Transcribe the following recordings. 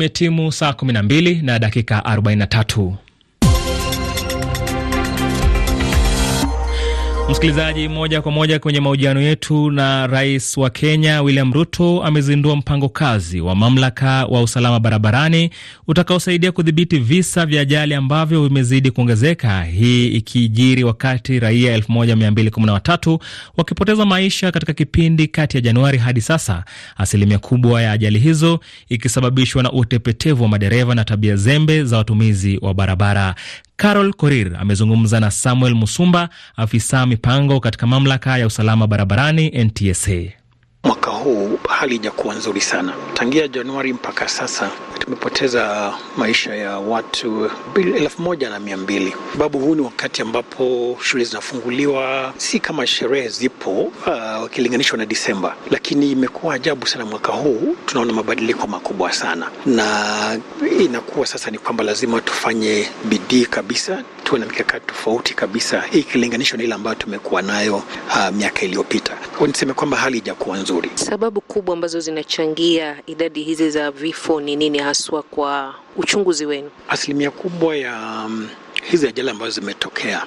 Kumetimu saa 12 na dakika 43. Msikilizaji, moja kwa moja kwenye mahojiano yetu na rais wa Kenya William Ruto amezindua mpango kazi wa mamlaka wa usalama barabarani utakaosaidia kudhibiti visa vya ajali ambavyo vimezidi kuongezeka, hii ikijiri wakati raia 1213 wakipoteza maisha katika kipindi kati ya Januari hadi sasa, asilimia kubwa ya ajali hizo ikisababishwa na utepetevu wa madereva na tabia zembe za watumizi wa barabara. Carol Korir amezungumza na Samuel Musumba, afisa mipango katika mamlaka ya usalama barabarani NTSA. Mwaka huu hali ijakuwa nzuri sana. Tangia Januari mpaka sasa tumepoteza maisha ya watu elfu moja na mia mbili sababu huu ni wakati ambapo shule zinafunguliwa, si kama sherehe zipo wakilinganishwa ah, uh, na Disemba, lakini imekuwa ajabu sana mwaka huu. Tunaona mabadiliko makubwa sana, na inakuwa sasa ni kwamba lazima tufanye bidii kabisa tuwe na mikakati tofauti kabisa ikilinganishwa na ile ambayo tumekuwa nayo uh, miaka iliyopita. Niseme kwamba hali ijakuwa nzuri. Sababu kubwa ambazo zinachangia idadi hizi za vifo ni nini haswa, kwa uchunguzi wenu? Asilimia kubwa ya um, hizi ajali ambazo zimetokea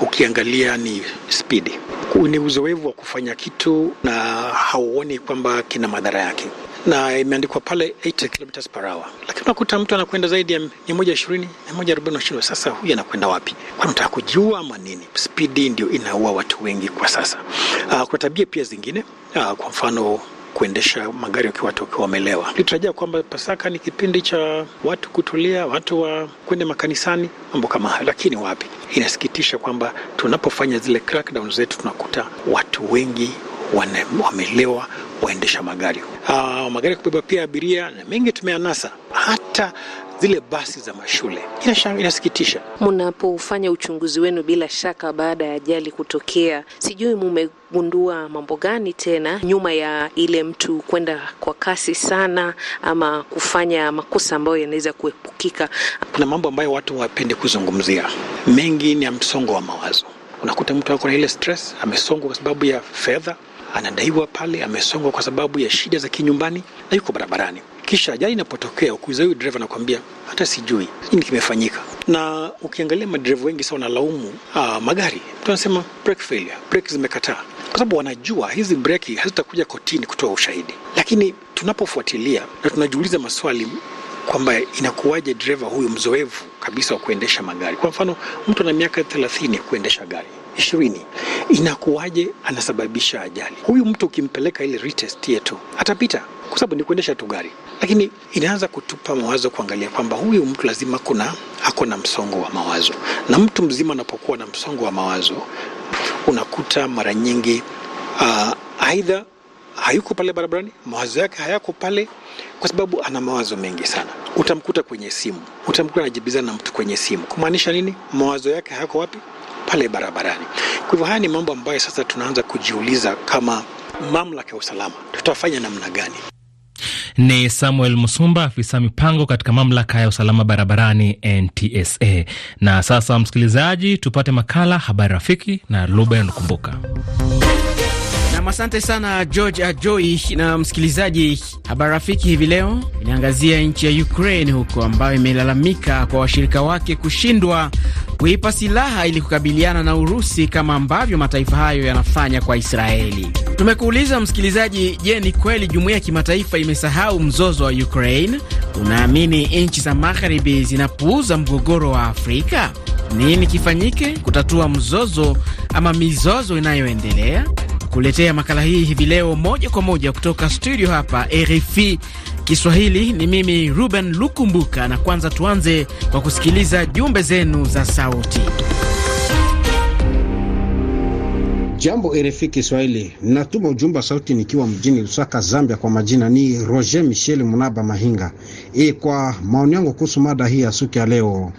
ukiangalia ni spidi, ni uzoefu wa kufanya kitu na hauoni kwamba kina madhara yake na imeandikwa pale 80 km per hour, lakini unakuta mtu anakwenda zaidi ya 120, 140 sasa, huyu anakwenda wapi? Kwa unataka kujua ama nini? Spidi ndio inaua watu wengi kwa sasa. Uh, kwa tabia pia zingine uh, kwa mfano kuendesha magari watu wakiwa wamelewa. Litarajia kwamba Pasaka ni kipindi cha watu kutulia, watu wa kwenda makanisani, mambo kama hayo, lakini wapi. Inasikitisha kwamba tunapofanya zile crackdown zetu tunakuta watu wengi wamelewa waendesha magari uh, magari ya kubeba pia abiria na mengi tumeanasa hata zile basi za mashule inasikitisha. Mnapofanya uchunguzi wenu, bila shaka, baada ya ajali kutokea, sijui mumegundua mambo gani tena nyuma ya ile mtu kwenda kwa kasi sana ama kufanya makosa ambayo yanaweza kuepukika? Kuna mambo ambayo watu wapende kuzungumzia, mengi ni ya msongo wa mawazo. Unakuta mtu ako na ile stress, amesongwa kwa sababu ya fedha anadaiwa pale, amesongwa kwa sababu ya shida za kinyumbani na yuko barabarani. Kisha ajali inapotokea, ukiuliza huyu dereva anakuambia hata sijui nini kimefanyika. Na ukiangalia madereva wengi sana wanalaumu ah, magari, mtu anasema brake failure, brake zimekataa, kwa sababu wanajua hizi breki hazitakuja kotini kutoa ushahidi. Lakini tunapofuatilia na tunajiuliza maswali kwamba inakuwaje dereva huyu mzoevu kabisa wa kuendesha magari, kwa mfano mtu ana miaka thelathini kuendesha gari ishirini inakuwaje anasababisha ajali. Huyu mtu ukimpeleka ile retest yetu atapita kwa sababu ni kuendesha tu gari, lakini inaanza kutupa mawazo kuangalia kwamba huyu mtu lazima kuna ako na msongo wa mawazo, na mtu mzima anapokuwa na msongo wa mawazo unakuta mara nyingi uh, aidha hayuko pale barabarani, mawazo yake hayako pale kwa sababu ana mawazo mengi sana. Utamkuta kwenye simu, utamkuta anajibizana na mtu kwenye simu. Kumaanisha nini? Mawazo yake hayako wapi? pale barabarani. Kwa hivyo haya ni mambo ambayo sasa tunaanza kujiuliza kama mamlaka ya usalama tutafanya namna gani? Ni Samuel Musumba, afisa mipango katika mamlaka ya usalama barabarani NTSA. Na sasa, msikilizaji, tupate makala habari rafiki na Ruben Lukumbuka. asante sana George Ajoi. Na msikilizaji, habari rafiki hivi leo inaangazia nchi ya Ukraine huko ambayo imelalamika kwa washirika wake kushindwa kuipa silaha ili kukabiliana na Urusi kama ambavyo mataifa hayo yanafanya kwa Israeli. Tumekuuliza msikilizaji, je, ni kweli jumuiya ya kimataifa imesahau mzozo wa Ukraine? Unaamini nchi za magharibi zinapuuza mgogoro wa Afrika? Nini kifanyike kutatua mzozo ama mizozo inayoendelea? kukuletea makala hii hivi leo moja kwa moja kutoka studio hapa RFI Kiswahili. Ni mimi Ruben Lukumbuka, na kwanza tuanze kwa kusikiliza jumbe zenu za sauti. Jambo RFI Kiswahili, natuma ujumbe wa sauti nikiwa mjini Lusaka, Zambia. Kwa majina ni Roger Michel Munaba Mahinga. E, kwa maoni yangu kuhusu mada hii ya siku ya leo,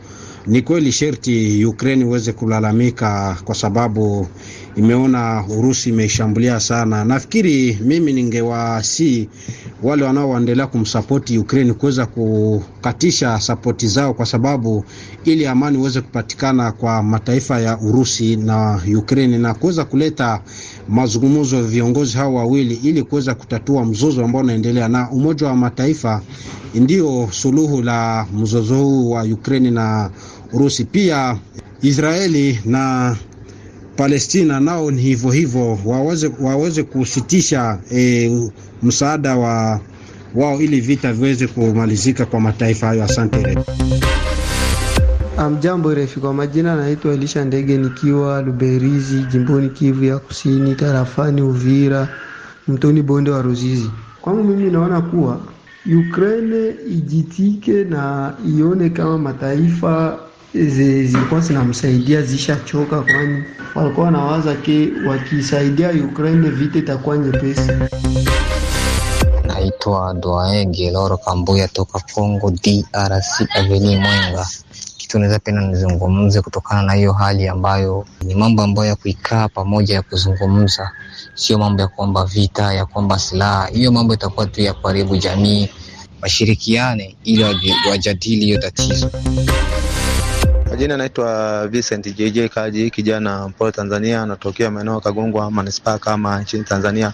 ni kweli sherti Ukraine iweze kulalamika kwa sababu imeona Urusi imeishambulia sana. Nafikiri mimi ningewasi wale wanaoendelea kumsapoti Ukraine kuweza kukatisha sapoti zao, kwa sababu ili amani iweze kupatikana kwa mataifa ya Urusi na Ukraine na kuweza kuleta mazungumzo ya viongozi hao wawili ili kuweza kutatua mzozo ambao unaendelea, na Umoja wa Mataifa ndio suluhu la mzozo huu wa Ukraine na Urusi. Pia Israeli na Palestina nao ni hivyo hivyo, waweze, waweze kusitisha e, msaada wa wao ili vita viweze kumalizika kwa mataifa hayo. Asante. Amjambo refu, kwa majina naitwa Elisha Ndege nikiwa Luberizi, jimboni Kivu ya Kusini, tarafani Uvira, mtoni bonde wa Ruzizi. Kwangu mimi naona kuwa Ukraine ijitike na ione kama mataifa zilikuwa zinamsaidia zishachoka, kwani walikuwa wanawaza ke wakisaidia Ukraine vita itakuwa nyepesi. Naitwa Dwae Geloro Kambuya toka congo DRC, Aveni Mwenga. Kitu naweza penda nizungumze kutokana na hiyo hali ambayo ni mambo ambayo ya kuikaa pamoja ya kuzungumza, sio mambo ya kuomba vita, ya kuomba silaha. Hiyo mambo itakuwa tu ya kuharibu jamii. Washirikiane ili wajadili hiyo tatizo. Majina anaitwa Vincent JJ Kaji, kijana mpole Tanzania, anatokea maeneo ya Kagongwa manispaa kama nchini Tanzania.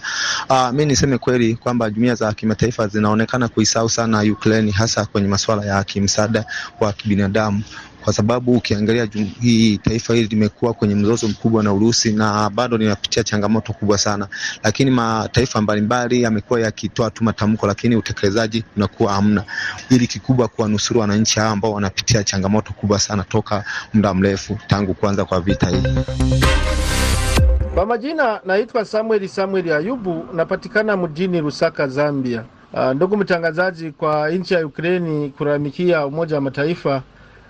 Uh, mi niseme kweli kwamba jumuiya za kimataifa zinaonekana kuisahau sana Ukraine, hasa kwenye masuala ya kimsaada wa kibinadamu kwa sababu ukiangalia hii taifa hili limekuwa kwenye mzozo mkubwa na Urusi na bado linapitia changamoto kubwa sana, lakini mataifa mbalimbali yamekuwa yakitoa tu matamko, lakini utekelezaji unakuwa hamna, ili kikubwa kuwanusuru wananchi hao ambao wanapitia changamoto kubwa sana toka muda mrefu tangu kuanza kwa vita hii. Kwa majina naitwa Samuel Samuel Ayubu, napatikana mjini Lusaka, Zambia. Uh, ndugu mtangazaji, kwa nchi ya Ukraini kuramikia Umoja wa Mataifa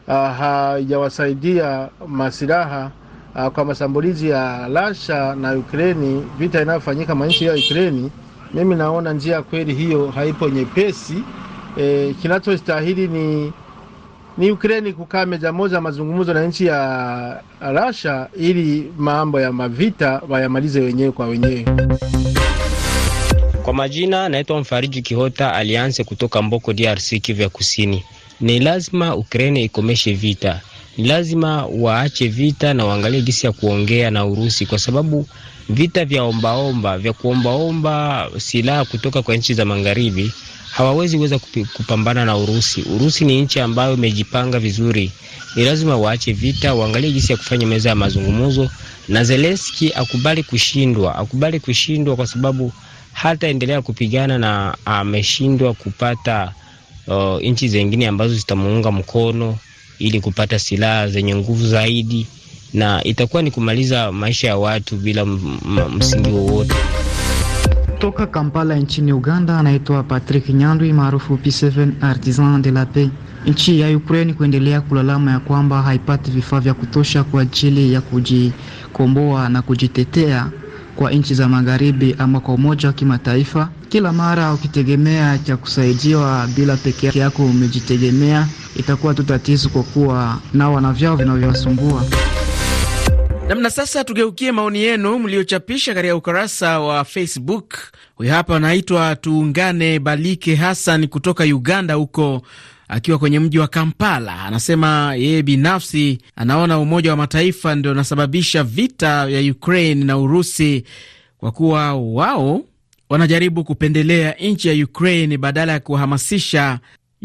hajawasaidia ah, haijawasaidia masilaha ah, kwa mashambulizi ya Rasha na ukreni vita inayofanyika nchi ya ukreni mimi naona njia kweli hiyo haipo nyepesi. E, kinachostahili ni ni Ukraini kukaa meza moja mazungumzo na nchi ya Russia ili mambo ya mavita wayamalize wenyewe kwa wenyewe. Kwa majina naitwa Mfariji Kihota Alianse kutoka Mboko, DRC, Kivu ya Kusini. Ni lazima Ukraine ikomeshe vita, ni lazima waache vita na waangalie gisi ya kuongea na Urusi, kwa sababu vita vya ombaomba vya kuombaomba silaha kutoka kwa nchi za magharibi hawawezi weza kupambana na Urusi. Urusi ni nchi ambayo imejipanga vizuri. Ni lazima waache vita, waangalie jinsi ya kufanya meza ya mazungumzo, na Zelenski akubali kushindwa, akubali kushindwa, kwa sababu hataendelea kupigana na ameshindwa kupata uh, nchi zengine ambazo zitamuunga mkono ili kupata silaha zenye nguvu zaidi, na itakuwa ni kumaliza maisha ya watu bila msingi wowote. Toka Kampala nchini Uganda, anaitwa Patrick Nyandwi maarufu P7 Artisan de la Paix. Nchi ya Ukraine kuendelea kulalama ya kwamba haipati vifaa vya kutosha kwa ajili ya kujikomboa na kujitetea kwa nchi za magharibi ama kwa Umoja wa Kimataifa kila mara ukitegemea cha kusaidiwa bila peke yako umejitegemea, itakuwa tu tatizo kwa kuwa nao wana vyao vinavyowasumbua namna. Sasa tugeukie maoni yenu mliochapisha katika ukurasa wa Facebook. Huyu hapa anaitwa Tuungane Balike Hassan kutoka Uganda huko akiwa kwenye mji wa Kampala anasema yeye binafsi anaona Umoja wa Mataifa ndio unasababisha vita ya Ukraine na Urusi kwa kuwa wao wanajaribu kupendelea nchi ya Ukraine badala ya kuhamasisha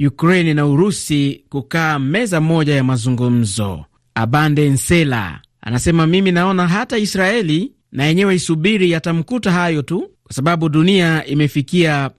Ukraine na Urusi kukaa meza moja ya mazungumzo. Abande Nsela anasema mimi naona hata Israeli na yenyewe isubiri, yatamkuta hayo tu, kwa sababu dunia imefikia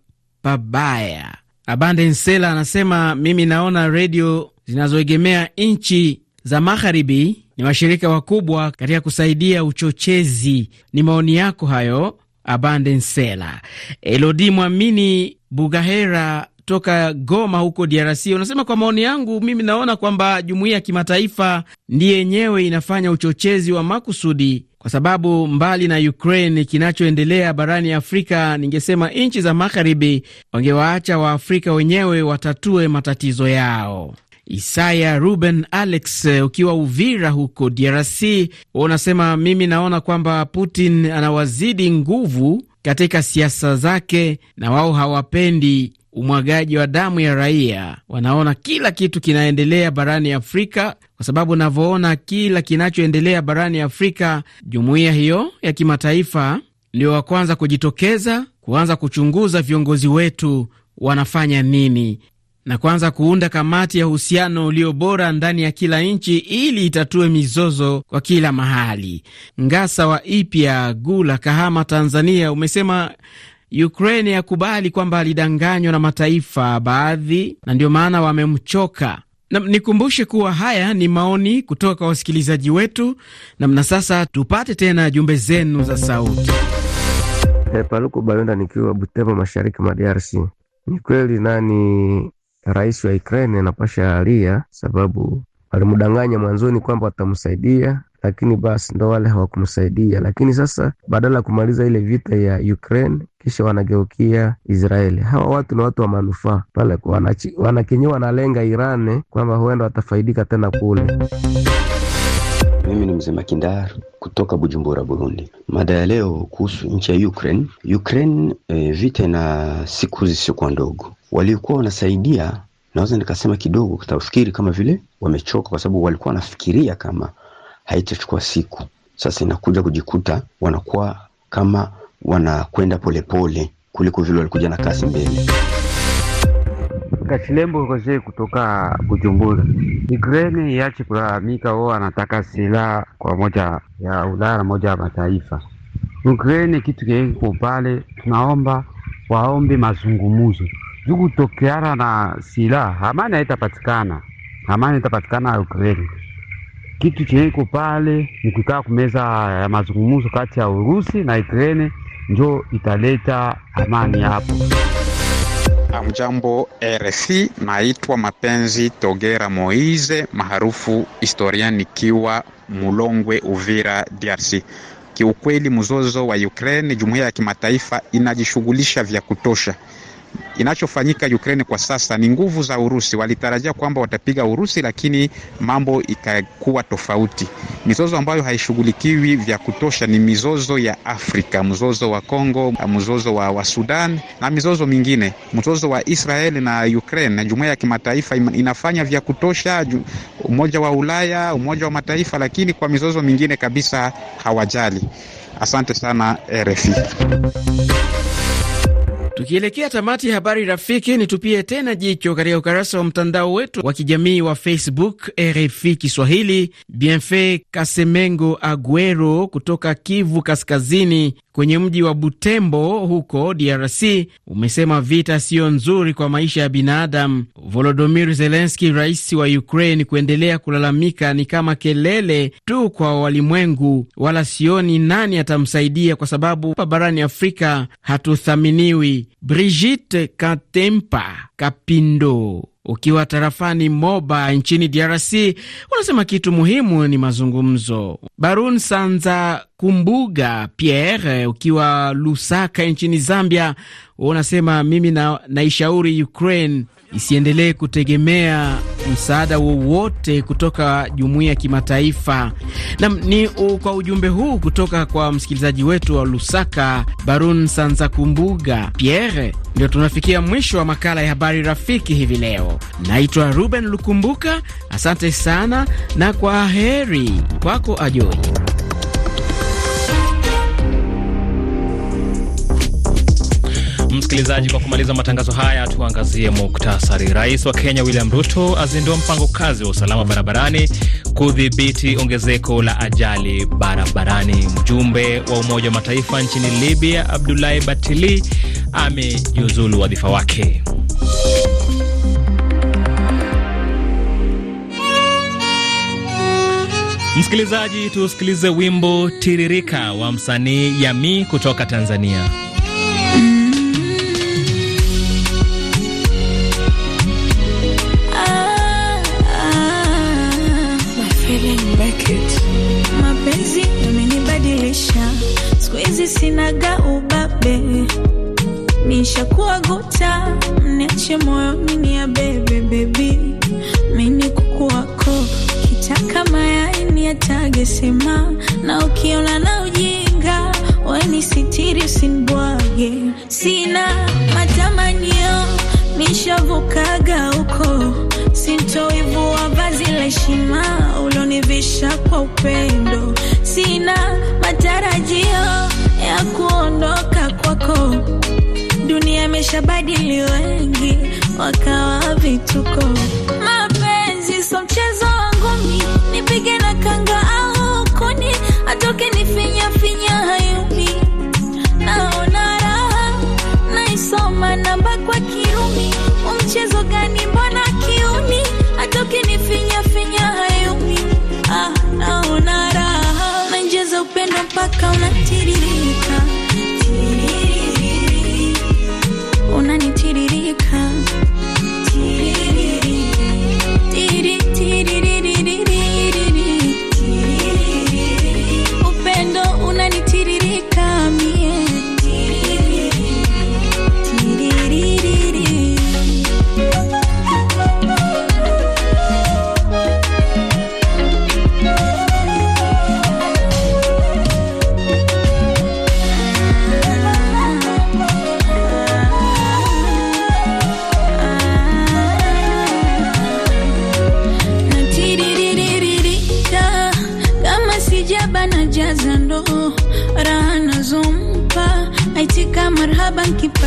pabaya. Abande Nsela anasema mimi naona redio zinazoegemea nchi za magharibi ni washirika wakubwa katika kusaidia uchochezi. Ni maoni yako hayo. Abande Nsela, Elodi Mwamini Bugahera toka Goma huko DRC unasema, kwa maoni yangu mimi naona kwamba jumuiya ya kimataifa ndiye yenyewe inafanya uchochezi wa makusudi, kwa sababu mbali na Ukraine, kinachoendelea barani Afrika, ningesema nchi za magharibi wangewaacha Waafrika wenyewe watatue matatizo yao. Isaya Ruben Alex, eh, ukiwa Uvira huko DRC, unasema mimi naona kwamba Putin anawazidi nguvu katika siasa zake, na wao hawapendi umwagaji wa damu ya raia. Wanaona kila kitu kinaendelea barani Afrika, kwa sababu navyoona kila kinachoendelea barani Afrika, jumuiya hiyo ya kimataifa ndio wa kwanza kujitokeza kuanza kuchunguza viongozi wetu wanafanya nini na kuanza kuunda kamati ya uhusiano ulio bora ndani ya kila nchi ili itatue mizozo kwa kila mahali. Ngasa wa Ipya Gula, Kahama, Tanzania, umesema Ukraine yakubali kwamba alidanganywa na mataifa baadhi na ndio maana wamemchoka. Na nikumbushe kuwa haya ni maoni kutoka kwa wasikilizaji wetu. Namna sasa tupate tena jumbe zenu za sauti. Hey, Paluku nikiwa Butembo, mashariki mwa DRC. Ni kweli nani rais wa Ukraine anapasha alia, sababu walimdanganya mwanzoni kwamba watamsaidia lakini basi ndo wale hawakumsaidia. Lakini sasa badala ya kumaliza ile vita ya Ukraine, kisha wanageukia Israeli. Hawa watu ni watu wa manufaa pale, wanakenyewa wanalenga Irani kwamba huenda watafaidika tena kule. Mimi ni Mzee Makindar kutoka Bujumbura, Burundi. Mada ya leo kuhusu nchi ya Ukraine. Ukraine e, vita ina siku zisiokuwa ndogo. Waliokuwa wanasaidia naweza nikasema kidogo kutafikiri kama vile wamechoka, kwa sababu walikuwa wanafikiria kama haitachukua siku. Sasa inakuja kujikuta wanakuwa kama wanakwenda polepole kuliko vile walikuja na kasi mbele. Kachilembo Roje kutoka Bujumbura. Ukraine iache kulalamika, wao anataka silaha kwa moja ya Ulaya na moja ya mataifa. Ukraine kitu kiko pale, tunaomba waombe mazungumuzo juku tokeana na silaha, amani haitapatikana, amani itapatikana Ukraine. Kitu chenye iko pale ni kukaa kumeza ya mazungumuzo kati ya Urusi na Ukraine, njo italeta amani hapo mjambo RFI, naitwa Mapenzi Togera Moize maarufu historia, nikiwa Mulongwe, Uvira, DRC. Kiukweli mzozo wa Ukraine, jumuiya ya kimataifa inajishughulisha vya kutosha Inachofanyika Ukraine kwa sasa ni nguvu za Urusi. Walitarajia kwamba watapiga Urusi, lakini mambo ikakuwa tofauti. Mizozo ambayo haishughulikiwi vya kutosha ni mizozo ya Afrika, mzozo wa Kongo, mzozo wa, wa Sudan na mizozo mingine, mzozo wa Israel na Ukraine. Na jumuiya ya kimataifa inafanya vya kutosha, Umoja wa Ulaya, Umoja wa Mataifa, lakini kwa mizozo mingine kabisa hawajali. Asante sana RFI. Tukielekea tamati ya habari rafiki, nitupie tena jicho katika ukarasa wa mtandao wetu wa kijamii wa Facebook RFI Kiswahili. Bienfait Kasemengo Aguero kutoka Kivu Kaskazini kwenye mji wa Butembo huko DRC umesema vita siyo nzuri kwa maisha ya binadamu. volodomir zelenski rais wa Ukraine, kuendelea kulalamika ni kama kelele tu kwa walimwengu, wala sioni nani atamsaidia, kwa sababu hapa barani Afrika hatuthaminiwi. Brigitte Katempa Kapindo ukiwa tarafani Moba nchini DRC wanasema kitu muhimu ni mazungumzo. Barun Sanza Kumbuga Pierre ukiwa Lusaka nchini Zambia unasema mimi na, naishauri Ukraine isiendelee kutegemea msaada wowote kutoka jumuiya ya kimataifa. Nam ni kwa ujumbe huu kutoka kwa msikilizaji wetu wa Lusaka, Barun Sanzakumbuga Pierre, ndio tunafikia mwisho wa makala ya habari rafiki hivi leo. Naitwa Ruben Lukumbuka, asante sana na kwa heri kwako Ajoi. Msikilizaji, kwa kumaliza matangazo haya, tuangazie muktasari. Rais wa Kenya William Ruto azindua mpango kazi wa usalama barabarani kudhibiti ongezeko la ajali barabarani. Mjumbe wa Umoja wa Mataifa nchini Libya Abdulahi Batili amejiuzulu wadhifa wake. Msikilizaji, tusikilize wimbo Tiririka wa msanii Yamii kutoka Tanzania. maisha, siku hizi sinaga ubabe, nishakuwa guta, niache moyo mini ya bebe bebi, mini kuku wako kitaka mayai ni atage sema, na ukiona na ujinga weni sitiri usinibwage, sina matamanio nishavukaga huko sitoivua vazi la heshima ulonivisha kwa upendo. Sina matarajio ya kuondoka kwako, dunia imeshabadili, wengi wakawa vituko. Mapenzi so mchezo wa ngumi nipige na kanga au kuni, atoke nifinya finya, hayumi naona raha, naisoma namba kwa kirumi, umchezo gani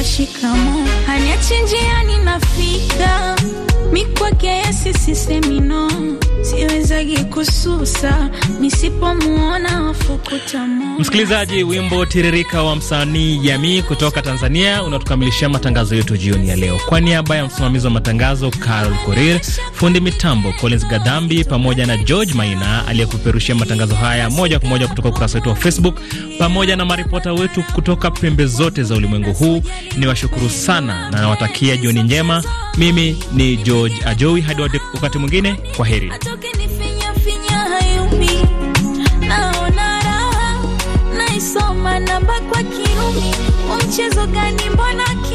shikamo, haniachi njiani nafika, mi kwake yesi semino siwezagi kususa Msikilizaji, wimbo tiririka wa msanii Jamii kutoka Tanzania unatukamilishia matangazo yetu jioni ya leo. Kwa niaba ya msimamizi wa matangazo Carol Korir, fundi mitambo Collins Gadhambi, pamoja na George Maina aliyekuperushia matangazo haya moja kwa moja kutoka ukurasa wetu wa Facebook, pamoja na maripota wetu kutoka pembe zote za ulimwengu huu, ni washukuru sana na nawatakia jioni njema. Mimi ni George Ajowi, hadi wakati mwingine, kwa heri. namba kwa kiumi, mchezo gani mbona